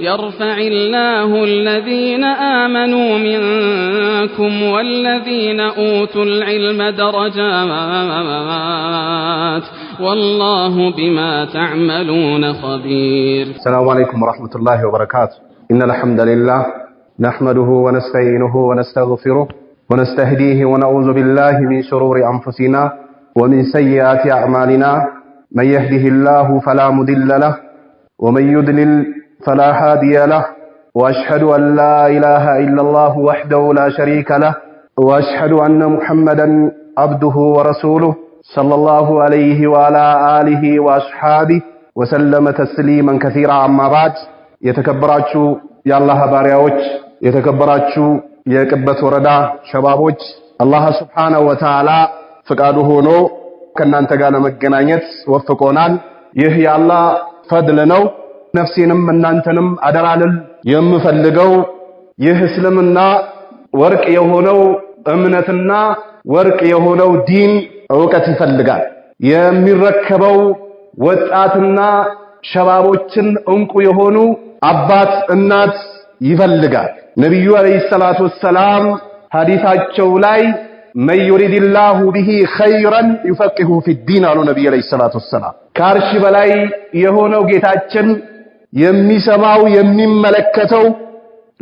يرفع الله الذين آمنوا منكم والذين أوتوا العلم درجات والله بما تعملون خبير السلام عليكم ورحمة الله وبركاته إن الحمد لله نحمده ونستعينه ونستغفره ونستهديه ونعوذ بالله من شرور أنفسنا ومن سيئات أعمالنا من يهده الله فلا مضل له ومن يضلل فلا هادي له واشهد ان لا اله الا الله وحده لا شريك له واشهد ان محمدا عبده ورسوله صلى الله عليه وعلى اله واصحابه وسلم تسليما كثيرا عما بعد يتكبراتشو يا الله بارياوتش يتكبراتشو يا كبت وردا شبابوتش الله سبحانه وتعالى فقاده نو كنا انتقال مجنانيت وفقونا يهي الله فضلنا ነፍሴንም እናንተንም አደራልል የምፈልገው ይህ እስልምና ወርቅ የሆነው እምነትና ወርቅ የሆነው ዲን እውቀት ይፈልጋል። የሚረከበው ወጣትና ሸባቦችን እንቁ የሆኑ አባት እናት ይፈልጋል። ነቢዩ አለይሂ ሰላቱ ወሰላም ሐዲሳቸው ላይ መን ዩሪድላሁ ቢሂ ኸይረን ዩፈቂሁ ፊዲን አሉ። ነቢዩ አለይሂ ሰላቱ ወሰላም ከአርሽ በላይ የሆነው ጌታችን የሚሰማው የሚመለከተው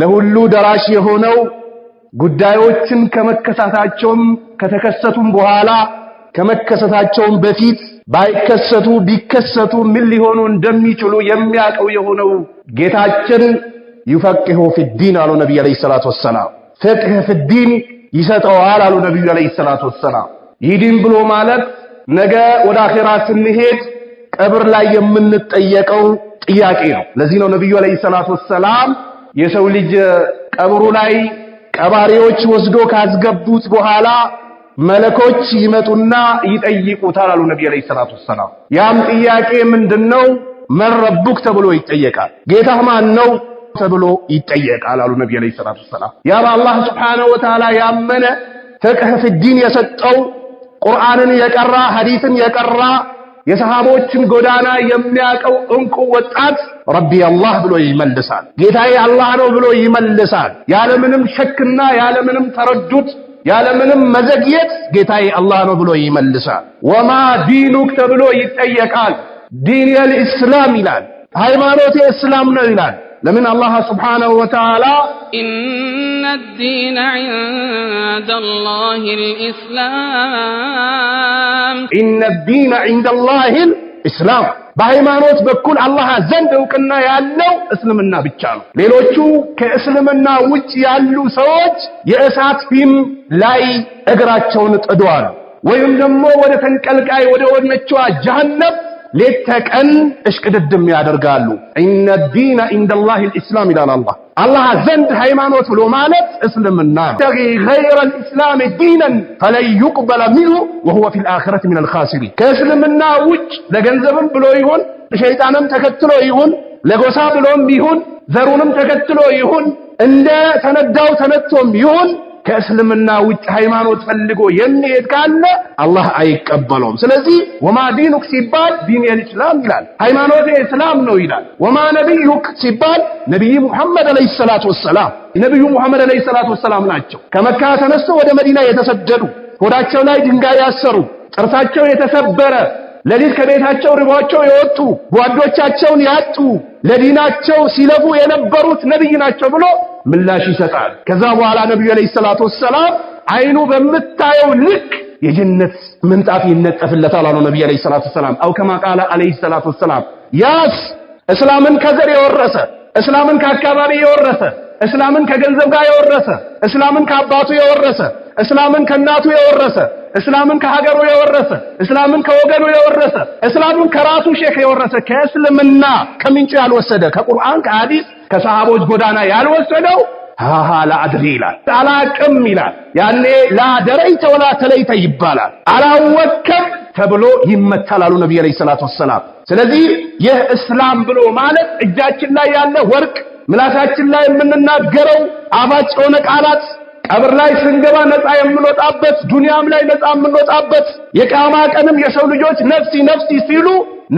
ለሁሉ ደራሽ የሆነው ጉዳዮችን ከመከሰታቸውም ከተከሰቱም በኋላ ከመከሰታቸውም በፊት ባይከሰቱ ቢከሰቱ ምን ሊሆኑ እንደሚችሉ የሚያውቀው የሆነው ጌታችን ይፈቅሁ ፊዲን አሉ ነቢዩ ዓለይሂ ሰላቱ ወሰላም። ፍቅህ ፊዲን ይሰጠዋል አሉ ነቢዩ ዓለይሂ ሰላቱ ወሰላም። ይዲን ብሎ ማለት ነገ ወደ አኼራ ስንሄድ ቀብር ላይ የምንጠየቀው ጥያቄ ነው። ለዚህ ነው ነቢዩ አለይሂ ሰላቱ ወሰላም የሰው ልጅ ቀብሩ ላይ ቀባሪዎች ወስዶ ካስገቡት በኋላ መለኮች ይመጡና ይጠይቁታል አሉ ነቢዩ አለይሂ ሰላቱ ወሰላም። ያም ጥያቄ ምንድነው? መረቡክ ተብሎ ይጠየቃል። ጌታህ ማን ነው ተብሎ ይጠየቃል አሉ ነቢዩ አለይሂ ሰላቱ ወሰላም። ያ በአላህ ሱብሓነሁ ወተዓላ ያመነ ፍቅህ ፍዲን የሰጠው ቁርአንን የቀራ ሐዲስን የቀራ የሰሃቦችን ጎዳና የሚያውቀው እንቁ ወጣት ረቢ አላህ ብሎ ይመልሳል። ጌታዬ አላህ ነው ብሎ ይመልሳል። ያለምንም ሸክና ያለምንም ተረዱት ያለምንም መዘግየት ጌታዬ አላህ ነው ብሎ ይመልሳል። ወማ ዲኑክ ተብሎ ይጠየቃል። ዲን አልኢስላም ይላል። ሃይማኖቴ እስላም ነው ይላል። لمن الله سبحانه وتعالى إن الدين عند الله الإسلام إن الدين عند الله الإسلام بهيمانوت بكل الله زند وكنا يالو اسلمنا بتشالو ليلوچو كاسلمنا وچ يالو سوج يأسات فيم لاي اقراتشون تدوار ويوم دمو ودفن كالكاي ودفن جهنم ሌት ተቀን እሽቅድድም ያደርጋሉ። ኢነ ዲነ ኢንደላሂ ልእስላም ይላል አላህ። አላህ ዘንድ ሃይማኖት ብሎ ማለት እስልምና ነው። ተቂ ገይረ ልእስላም ዲነን ፈለን ዩቅበለ ሚንሁ ወሁወ ፊ ልአኽረት ሚን አልኻሲሪን። ከእስልምና ውጭ ለገንዘብም ብሎ ይሁን ሸይጣንም ተከትሎ ይሁን ለጎሳ ብሎም ይሁን ዘሩንም ተከትሎ ይሁን እንደ ተነዳው ተነቶም ይሁን ከእስልምና ውጭ ሃይማኖት ፈልጎ የሚሄድ ካለ አላህ አይቀበለውም። ስለዚህ ወማ ዲኑክ ሲባል ዲን ኢስላም ይላል፣ ሃይማኖት እስላም ነው ይላል። ወማ ነቢዩክ ሲባል ነቢይ ሙሐመድ አለይሂ ሰላቱ ወሰላም ነቢዩ ሙሐመድ አለይሂ ሰላቱ ወሰላም ናቸው። ከመካ ተነስተው ወደ መዲና የተሰደዱ ሆዳቸው ላይ ድንጋይ ያሰሩ፣ ጥርሳቸው የተሰበረ፣ ለሊት ከቤታቸው ርቧቸው የወጡ፣ ጓዶቻቸውን ያጡ፣ ለዲናቸው ሲለፉ የነበሩት ነቢይ ናቸው ብሎ ምላሽ ይሰጣል። ከዛ በኋላ ነብዩ አለይሂ ሰላቱ ወሰላም አይኑ በምታየው ልክ የጀነት ምንጣፍ ይነጠፍለታል አሉ ነብዩ አለይሂ ሰላቱ ወሰላም። አው ከማ ቃለ አለይሂ ሰላቱ ወሰላም ያስ እስላምን ከዘር የወረሰ እስላምን ከአካባቢ የወረሰ እስላምን ከገንዘብ ጋር የወረሰ እስላምን ከአባቱ የወረሰ እስላምን ከእናቱ የወረሰ እስላምን ከሀገሩ የወረሰ እስላምን ከወገኑ የወረሰ እስላምን ከራሱ ሼክ የወረሰ ከእስልምና ከምንጭ ያልወሰደ ከቁርአን ከሐዲስ ከሰሃቦች ጎዳና ያልወሰደው ሃሃ ላአድሪ ይላል፣ አላቅም ይላል። ያኔ ላደረይተ ወላ ተለይተ ይባላል። አላወከም ተብሎ ይመታል አሉ ነቢዩ ዓለይሂ ሰላቱ ወሰላም። ስለዚህ ይህ እስላም ብሎ ማለት እጃችን ላይ ያለ ወርቅ፣ ምላሳችን ላይ የምንናገረው አባጭ የሆነ ቃላት ቀብር ላይ ስንገባ ነፃ የምንወጣበት፣ ዱንያም ላይ ነፃ የምንወጣበት፣ የቂያማ ቀንም የሰው ልጆች ነፍሲ ነፍሲ ሲሉ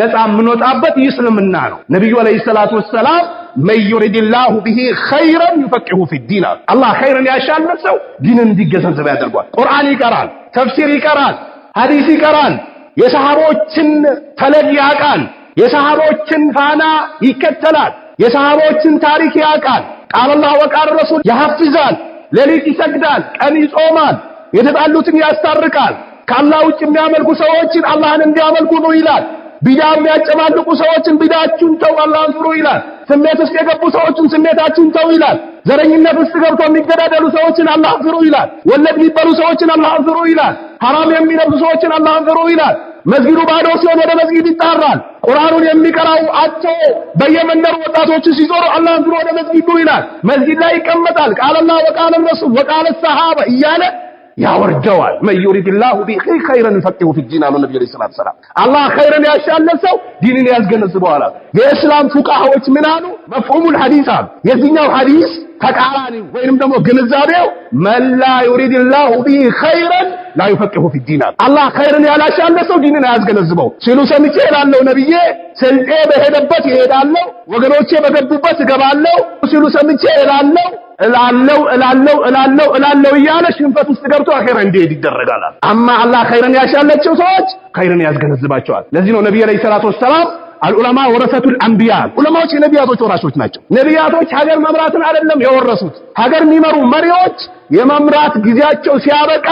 ነፃ የምንወጣበት እስልምና ነው። ነቢዩ አለይሂ ሰላቱ ወሰላም መን ዩሪድላሁ ቢሂ ኸይረን ዩፈቂሁ ፊዲን አሉ። አላህ ኸይርን ያሻለት ሰው ዲንን እንዲገነዘብ ያደርጓል። ቁርአን ይቀራል፣ ተፍሲር ይቀራል፣ ሐዲስ ይቀራል፣ የሰሃቦችን ፈለግ ያውቃል፣ የሰሃቦችን ፋና ይከተላል፣ የሰሃቦችን ታሪክ ያውቃል፣ ቃለላህ ወቃለ ረሱል ያሐፍዛል። ሌሊት ይሰግዳል፣ ቀን ይጾማል፣ የተጣሉትን ያስታርቃል። ከአላህ ውጭ የሚያመልኩ ሰዎችን አላህን እንዲያመልኩ ነው ይላል። ቢዳ የሚያጨማልቁ ሰዎችን ቢዳችሁን ተው፣ አላህን ፍሩ ይላል። ስሜት ውስጥ የገቡ ሰዎችን ስሜታችሁን ተው ይላል። ዘረኝነት ውስጥ ገብቶ የሚገዳደሉ ሰዎችን አላህን ፍሩ ይላል። ወለድ የሚበሉ ሰዎችን አላህን ፍሩ ይላል። ሐራም የሚለብሱ ሰዎችን አላህን ፍሩ ይላል። መስጊዱ ባዶ ሲሆን ወደ መስጊድ ይጣራል። ቁርአኑን የሚቀራው አጥቶ በየመንደሩ ወጣቶች ሲዞሩ አላህ ብሎ ወደ መስጊዱ ይላል። መስጊድ ላይ ይቀመጣል። ቃለላ ወቃለ ረሱል ወቃለ ሰሃባ እያለ ያወርደዋል። መዩሪድላሁ ቢኺ ኸይረን ፈቂሁ ፊዲን አሉ ነብዩ ሰለላሁ ዐለይሂ ወሰለም። አላህ ኸይረን ያሻለን ሰው ዲንን ያስገነዝበዋል። የእስላም ፉቃሃዎች ምን አሉ? መፍሁሙል ሐዲስ አሉ የዚህኛው ሐዲስ ተቃራኒ ወይንም ደግሞ ግንዛቤው መላ ዩሪድ ላሁ ቢ ኸይረን ላ ዩፈቂሁ ፊ ዲን አላህ ኸይርን ያላሻለ ሰው ዲንን አያስገነዝበው ሲሉ ሰምቼ እላለሁ። ነብዬ ስልጤ በሄደበት ይሄዳለሁ፣ ወገኖቼ በገቡበት እገባለሁ ሲሉ ሰምቼ እላለሁ እላለው እላለው እላለው እላለው እያለ ሽንፈት ውስጥ ገብቶ አኼራ እንዲሄድ ይደረጋል። አማ አላህ ኸይርን ያሻለችው ሰዎች ኸይርን ያስገነዝባቸዋል። ለዚህ ነው ነብዩ አለይሂ ሰላቱ ወሰላም አልዑለማ ወረሰቱል አንቢያ ዑለማዎች የነቢያቶች ወራሾች ናቸው። ነቢያቶች ሀገር መምራትን አይደለም የወረሱት። ሀገር የሚመሩ መሪዎች የመምራት ጊዜያቸው ሲያበቃ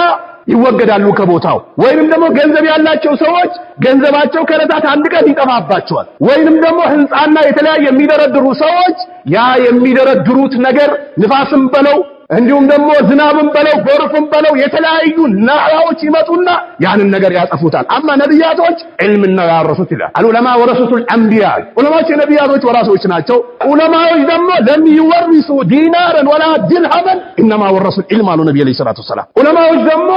ይወገዳሉ ከቦታው። ወይንም ደግሞ ገንዘብ ያላቸው ሰዎች ገንዘባቸው ከዕለታት አንድ ቀን ይጠፋባቸዋል። ወይንም ደግሞ ህንፃና የተለያየ የሚደረድሩ ሰዎች ያ የሚደረድሩት ነገር ንፋስም በለው እንዲሁም ደግሞ ዝናብን በለው ጎርፍን በለው የተለያዩ ናራዎች ይመጡና ያንን ነገር ያጠፉታል። አማ ነቢያቶች ዕልምና ያወረሱት ይላል አልዑለማ ወረሱቱል አንቢያ። ዑለማዎች የነቢያቶች ወራሶች ናቸው። ዑለማዎች ደግሞ ለሚወርሱ ዲናርን ወላ ድርሃመን ኢነማ ወረሱል ዒልም አሉ ነቢ ዓለይሂ ሰላቱ ወሰላም። ዑለማዎች ደግሞ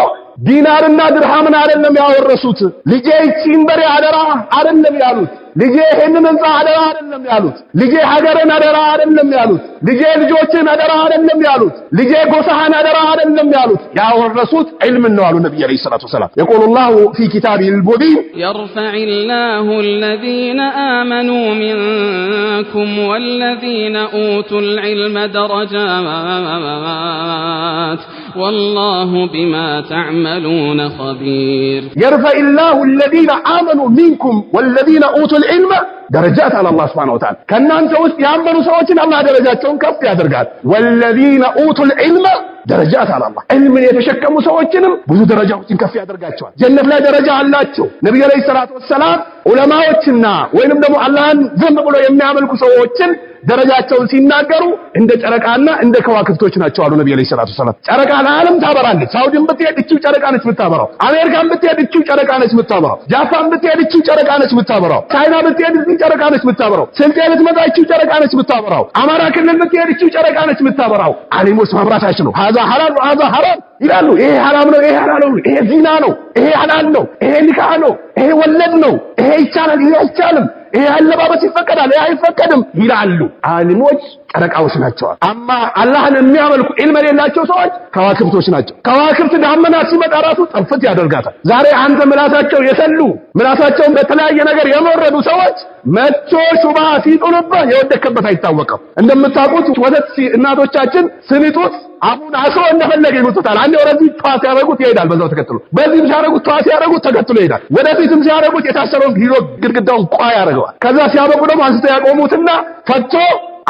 ዲናርና ድርሃምን አይደለም ያወረሱት። ልጄ ይቺን በሬ አደራ አይደለም ያሉት። ልጄ ይሄንን ህንፃ አደራ አይደለም ያሉት። ልጄ ሀገርን አደራ አይደለም ያሉት። ልጄ ልጆችን አደራ አይደለም ያሉት። ልጄ ጎሳህን አደራ አይደለም ያሉት። ያወረሱት ዒልም ነው አሉ ነብዩ አለይሂ ሰላቱ ወሰላም። የቆሉ ላሁ ፊ ኪታቢሂል ሙቢን የርፈዕ ላሁ አልዚነ አመኑ ሚንኩም ወልዚነ ኡቱል ዒልመ ደረጃት والله بما تعملون خبير يرفع الله الذين آمنوا منكم والذين أوتوا العلم درجات على الله سبحانه وتعالى كان أنت وسط يعملوا سواتين الله درجاتهم كف يا درجات والذين أوتوا العلم درجات على الله علم يتشكى سواتينهم بذو درجات كف يا درجات جنة لا درجة على الله نبي عليه الصلاة والسلام علماء وتنا وينم دمو الله زنب ولا يمنع ملك سواتين ደረጃቸውን ሲናገሩ እንደ ጨረቃና እንደ ከዋክብቶች ናቸው አሉ ነብዩ አለይሂ ሰላቱ ሰላም። ጨረቃ ለዓለም ታበራለች። ሳውዲም ብትሄድ እቺው ጨረቃ ነች የምታበራው። አሜሪካም ብትሄድ እቺው ጨረቃ ነች የምታበራው። ጃፓን ብትሄድ እቺው ጨረቃ ነች የምታበራው። ቻይና ብትሄድ እቺው ጨረቃ ነች የምታበራው። ስልጤ ብትመጣ እቺው ጨረቃ ነች የምታበራው። አማራ ክልል ብትሄድ እቺው ጨረቃ ነች የምታበራው። አሊሞች ማብራት ነው። ሀዛ ሐላል ሀዛ ሐራም ይላሉ። ይሄ ሐራም ነው፣ ይሄ ሐላል ነው፣ ይሄ ዚና ነው፣ ይሄ ሐላል ነው፣ ይሄ ኒካህ ነው፣ ይሄ ወለድ ነው፣ ይሄ ይቻላል፣ ይሄ አይቻልም ይሄ አለባበስ ይፈቀዳል፣ ይሄ አይፈቀድም ይላሉ አልሞች ጨረቃዎች ናቸዋል። አማ አላህን የሚያመልኩ ዒልም የሌላቸው ሰዎች ከዋክብቶች ናቸው። ከዋክብት ዳመና ሲመጣ ራሱ ጥፍት ያደርጋታል። ዛሬ አንተ ምላሳቸው የሰሉ ምላሳቸውን በተለያየ ነገር የሞረዱ ሰዎች መጥቶ ሹባ ሲጥሉብህ የወደከበት አይታወቀም። እንደምታውቁት ወተት እናቶቻችን ስንጡት አፉን አስሮ እንደፈለገ ይሉታል። አንዴ ወደዚህ ጧ ሲያደርጉት ይሄዳል፣ በዛው ተከትሎ በዚህም ሲያደርጉት ጧ ሲያደርጉት ተከትሎ ይሄዳል። ወደፊትም ሲያደርጉት የታሰረውን ሂዶ ግድግዳውን ቋ ያደርገዋል። ከዛ ሲያበቁ ደግሞ አንስተው ያቆሙትና ፈቶ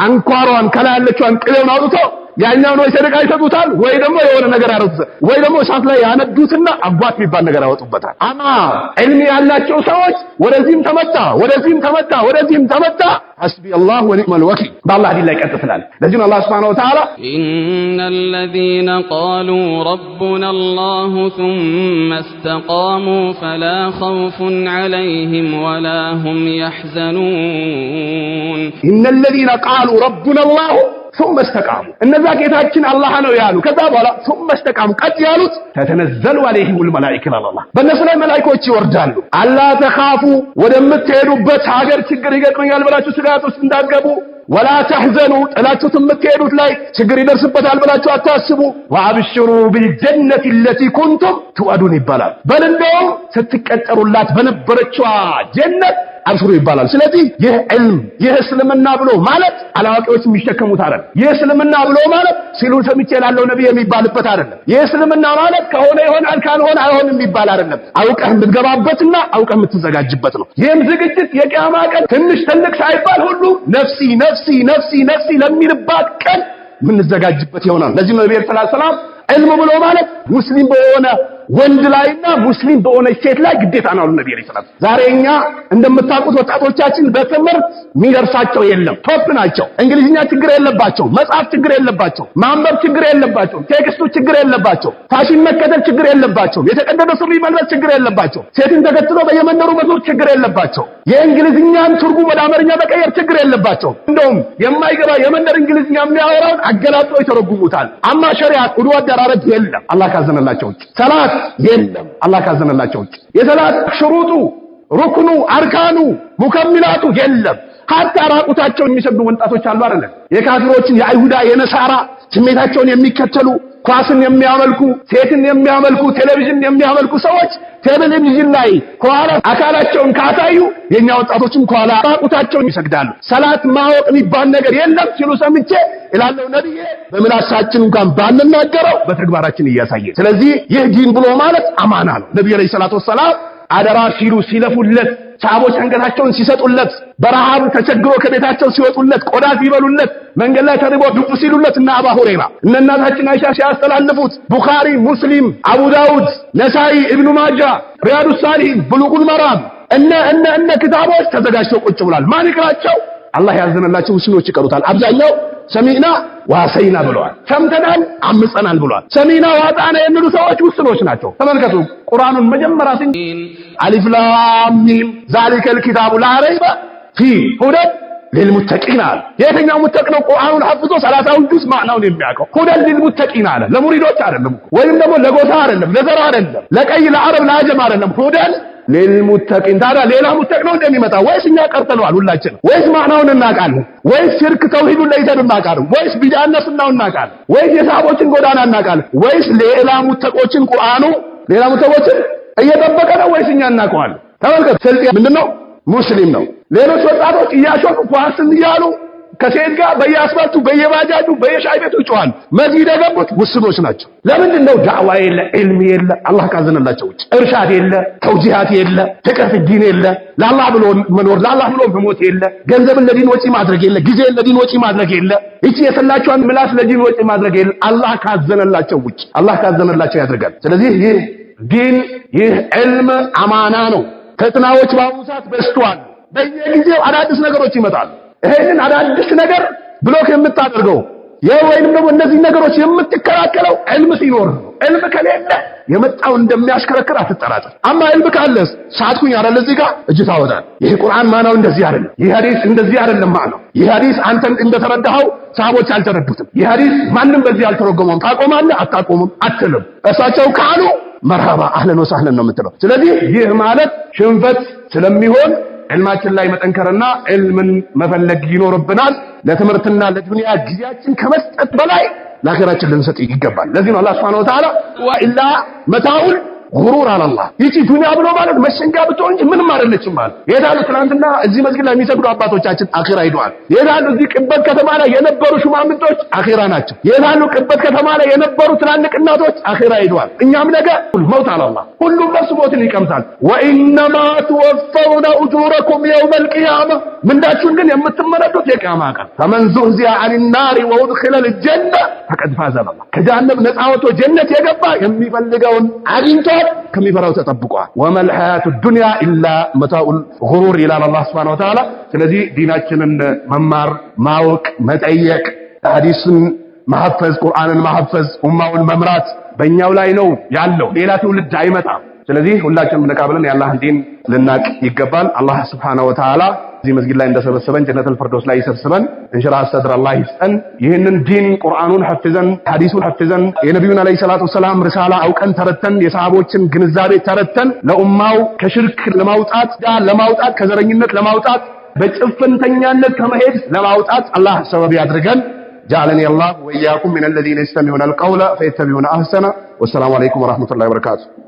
አንኳሯን ከላይ ያለችዋን ቅቤውን አውጥቶ ያኛው ነው ሰደቃ ይሰጡታል፣ ወይ ደግሞ የሆነ ነገር ያረሱ፣ ወይ ደግሞ እሳት ላይ ያነዱትና አጓት የሚባል ነገር ያወጡበታል። አማ ዕልም ያላቸው ሰዎች ወደዚህም ተመታ፣ ወደዚህም ተመታ፣ ወደዚህም ተመታ። ሐስቢ አላህ ወኒዕመል ወኪል በአላህ ዲን ላይ ቀጥ ትላል። ለዚህ ነው አላህ ሱብሓነሁ ወተዓላ ኢነል ለዚነ ቃሉ ረቡና አላሁ ሱመ እስተቃሙ ፈላ ኸውፉን ዐለይሂም ወላ ሁም የሕዘኑን ኢነል ለዚነ ቃሉ ረቡና አላሁ ሱም መስተቃሙ እነዛ ጌታችን አላህ ነው ያሉ። ከዛ በኋላ ሱም መስተቃሙ ቀጥ ያሉት ተተነዘሉ አለይሂሙል መላኢካ አላህ በእነሱ ላይ መላኢኮች ይወርዳሉ። አላ ተኻፉ ወደምትሄዱበት ሀገር ችግር ይገጥመኛል ብላችሁ ስጋት ውስጥ እንዳትገቡ ወላ ተሕዘኑ ጥላችሁት የምትሄዱት ላይ ችግር ይደርስበታል ብላችሁ አታስቡ። ወአብሽሩ ቢልጀነት ለቲ ኩንቱም ትወዱን ይባላል። በል እንደውም ስትቀጠሩላት በነበረችዋ ጀነት አብሽሩ ይባላል። ስለዚህ ይህ ዕልም ይህ እስልምና ብሎ ማለት አላዋቂዎች የሚሸከሙት አይደለም። ይህ እስልምና ብሎ ማለት ሲሉ ሰምቼ ላለው ነቢይ የሚባልበት አይደለም። ይህ እስልምና ማለት ከሆነ ይሆናል ካልሆነ አይሆንም የሚባል አይደለም። አውቀህ የምትገባበትና አውቀህ የምትዘጋጅበት ነው። ይህም ዝግጅት የቅያማ ቀን ትንሽ ትልቅ ሳይባል ሁሉ ነፍሲ ነፍሲ ነፍሲ ነፍሲ ለሚልባት ቀን የምንዘጋጅበት ይሆናል። ለዚህ ነው ነብዩ ሰለላሁ ዐለይሂ ወሰለም ዕልም ብሎ ማለት ሙስሊም በሆነ ወንድ ላይና ሙስሊም በሆነች ሴት ላይ ግዴታ ነው አሉ ሰለላሁ ዐለይሂ ወሰለም። ዛሬ እኛ እንደምታውቁት ወጣቶቻችን በትምህርት የሚደርሳቸው የለም። ቶፕ ናቸው። እንግሊዝኛ ችግር የለባቸው፣ መጽሐፍ ችግር የለባቸው፣ ማንበብ ችግር የለባቸው፣ ቴክስቱ ችግር የለባቸው፣ ፋሽን መከተል ችግር የለባቸው፣ የተቀደደ ሱሪ መልበስ ችግር የለባቸው፣ ሴትን ተከትሎ በየመንደሩ መዞር ችግር የለባቸው፣ የእንግሊዝኛን ትርጉም ወደ አማርኛ መቀየር ችግር የለባቸው። እንደውም የማይገባ የመንደር እንግሊዝኛ የሚያወራውን አገላብጦ ይተረጉሙታል። አማ ሸሪዓት ወደ አደራረግ የለም አላህ ካዘነላቸው ሰላት የለም አላህ ካዘነላቸው ውጭ። የሰላት ሽሩጡ፣ ሩክኑ፣ አርካኑ፣ ሙከሚላቱ የለም። ሀታ ራቁታቸው የሚሰግዱ ወንጣቶች አሉ አይደል? የካፊሮችን የአይሁዳ የነሳራ ስሜታቸውን የሚከተሉ ኳስን የሚያመልኩ ሴትን የሚያመልኩ ቴሌቪዥን የሚያመልኩ ሰዎች ቴሌቪዥን ላይ ከኋላ አካላቸውን ካታዩ የኛ ወጣቶችም ከኋላ ራቁታቸውን ይሰግዳሉ። ሰላት ማወቅ የሚባል ነገር የለም ሲሉ ሰምቼ እላለሁ። ነብዬ በምላሳችን እንኳን ባንናገረው በተግባራችን እያሳየ ስለዚህ ይህ ዲን ብሎ ማለት አማና ነው። ነብዩ ሰላቱ ወሰላም አደራ ሲሉ ሲለፉለት ሰሃቦች አንገታቸውን ሲሰጡለት በረሃብ ተቸግሮ ከቤታቸው ሲወጡለት ቆዳ ሲበሉለት መንገድ ላይ ተርቦ ዱብ ሲሉለት እና አባ ሁሬራ እነ እናታችን አይሻ ሲያስተላልፉት ቡኻሪ፣ ሙስሊም፣ አቡ ዳውድ፣ ነሳኢ፣ ኢብኑ ማጃ፣ ሪያዱ ሳሊሂን፣ ብሉጉል መራም እነ እነ እነ ክታቦች ተዘጋጅተው ቁጭ ብሏል። ማን ይቅራቸው? አላህ ያዘነላቸው ውስኖች ይቀሩታል። አብዛኛው ሰሚዕና ዋሰይና ብለዋል። ሰምተናል አምፀናል ብለዋል። ሰሚዕና ዋጣና የሚሉ ሰዎች ውስኖች ናቸው። ተመልከቱ ቁርአኑን መጀመሪያ ሲን አሊፍ ላም ሚም ዛሊከል ኪታቡ ላ ረይበ ፊህ ሁደን ሊልሙተቂን አለ። የትኛው ሙተቂ ነው? ቁርአኑን ሐፍዞ ሰላሳውን ጁዝ ማዕናውን የሚያውቀው ሁደን ሊልሙተቂን አለ። ለሙሪዶች አይደለም ወይም ደግሞ ለጎሳ አይደለም፣ ለዘር አይደለም፣ ለቀይ ለአረብ ለአጀም አይደለም ሁደን ሌልሙተቂን ታዲያ ሌላ ሙተቅ ነው እንደሚመጣ ወይስ እኛ ቀርተነዋል? ሁላችን ወይስ ማህናውን እናውቃለን? ወይስ ሽርክ ተውሂዱን ለይተን እናውቃለን? ወይስ ቢዳነ ስናው እናውቃለን? ወይስ የሳቦችን ጎዳና እናውቃለን? ወይስ ሌላ ሙተቆችን ቁርአኑ ሌላ ሙተቆችን እየጠበቀ ነው ወይስ እኛ እናውቀዋለን? ተመልከት። ስልጤ ምንድን ነው? ሙስሊም ነው። ሌሎች ወጣቶች እያሾፉ ኳስን እያሉ ከሴት ጋር በየአስፋልቱ በየባጃጁ በየሻይ ቤቱ ይጮሃል። መስጊድ የገቡት ውስኖች ናቸው። ለምንድን ነው ዳዕዋ የለ፣ ዕልም የለ፣ አላህ ካዘነላቸው ውጭ እርሻድ የለ፣ ተውጂሃት የለ፣ ፍቅር ዲን የለ፣ ለአላህ ብሎ መኖር ለአላህ ብሎ መሞት የለ፣ ገንዘብን ለዲን ወጪ ማድረግ የለ፣ ጊዜን ለዲን ወጪ ማድረግ የለ፣ እቺ የሰላቸዋን ምላስ ለዲን ወጪ ማድረግ የለ። አላህ ካዘነላቸው ውጭ አላህ ካዘነላቸው ያደርጋል። ስለዚህ ይህ ዲን ይህ ዕልም አማና ነው። ፈትናዎች በአሁኑ ሰዓት በዝተዋል። በየጊዜው አዳዲስ ነገሮች ይመጣሉ። ይሄንን አዳዲስ ነገር ብሎክ የምታደርገው ወይንም ደግሞ እነዚህ ነገሮች የምትከላከለው ዕልም ሲኖር ዕልም ከሌለ የመጣው እንደሚያሽከረክር አትጠራጠር። አማ ዕልም ካለስ ሳትኩኝ አይደል እዚህ ጋር እጅ ታወጣል። ይሄ ቁርአን ማናው እንደዚህ አይደለም፣ ይህ ሐዲስ እንደዚህ አይደለም ማናው። ይህ ሐዲስ አንተ እንደተረዳኸው ሰሃቦች አልተረዱትም። ይህ ሐዲስ ማንም በዚህ አልተረጎመም። ታቆማለህ አታቆምም አትልም። እሳቸው ካሉ መርሃባ አህለን ወሳህለን ነው የምትለው። ስለዚህ ይህ ማለት ሽንፈት ስለሚሆን ዕልማችን ላይ መጠንከርና ዕልምን መፈለግ ይኖርብናል። ለትምህርትና ለዱንያ ጊዜያችን ከመስጠት በላይ ለአኼራችን ልንሰጥ ይገባል። ለዚህ ነው አላህ ሱብሓነሁ ወተዓላ ወኢላ መታኡል ጉሩር አላህ ይቺ ዱንያ ብሎ ማለት መሸንጊያ ብትሆን እንጂ ምንም አይደለችም ማለት። የዳሉ ትናንትና እዚህ መስጊድ ላይ የሚሰግዱ አባቶቻችን አኺራ ሂደዋል። የዳሉ እዚህ ቅበት ከተማ ላይ የነበሩ ሹማምንቶች አኺራ ናቸው። የዳሉ ቅበት ከተማ ላይ የነበሩ ትላልቅ እናቶች አኺራ ሂደዋል። እኛም ነገ መውት አላህ ሁሉም ነፍስ ሞትን ይቀምሳል። ወኢነማ ትወፈውነ ኡጁረኩም የውመል ቂያማ ምንዳችሁን ግን የምትመረዱት የቂያማ ቀን ፈመን ዙህዚያ አኒናሪ ወኡድኺለል ጀነ ፈቀድ ፋዘ ከጀሃነም ነፃ ወጥቶ ጀነት የገባ የሚፈልገውን አግኝቷል። ከሚፈራው ተጠብቋል። ወመል ሐያቱ ዱንያ ኢላ መታኡል ጉሩር ይላል አላህ ሱብሓነሁ ወተዓላ። ስለዚህ ዲናችንን መማር፣ ማወቅ፣ መጠየቅ፣ ሐዲስን ማሐፈዝ፣ ቁርአንን ማሐፈዝ፣ ኡማውን መምራት በእኛው ላይ ነው ያለው። ሌላ ትውልድ አይመጣም። ስለዚህ ሁላችንም ብለካ ብለን የአላህን ዲን ልናቅ ይገባል። አላህ ስብሓነሁ ወተዓላ እዚህ መስጊድ ላይ እንደሰበሰበን ጀነተል ፈርዶስ ላይ ይሰብስበን። እንሽራህ ሰድር አላህ ይስጠን። ይህንን ዲን ቁርአኑን ሐፍዘን ሐዲሱን ሐፍዘን የነቢዩን አለይሂ ሰላቱ ወሰላም ሪሳላ አውቀን ተረተን የሰሃቦችን ግንዛቤ ተረተን ለኡማው ከሽርክ ለማውጣት ለማውጣት ከዘረኝነት ለማውጣት በጭፍንተኛነት ከመሄድ ለማውጣት አላህ ሰበብ ያድርገን። ጃለኒ አላህ ወያኩም ወኢያኩም ሚነለዚነ የስተሚዑነ አልቀውለ ፈየተቢዑነ አህሰነ። ወሰላሙ አለይኩም ወረሕመቱላሂ ወበረካቱሁ።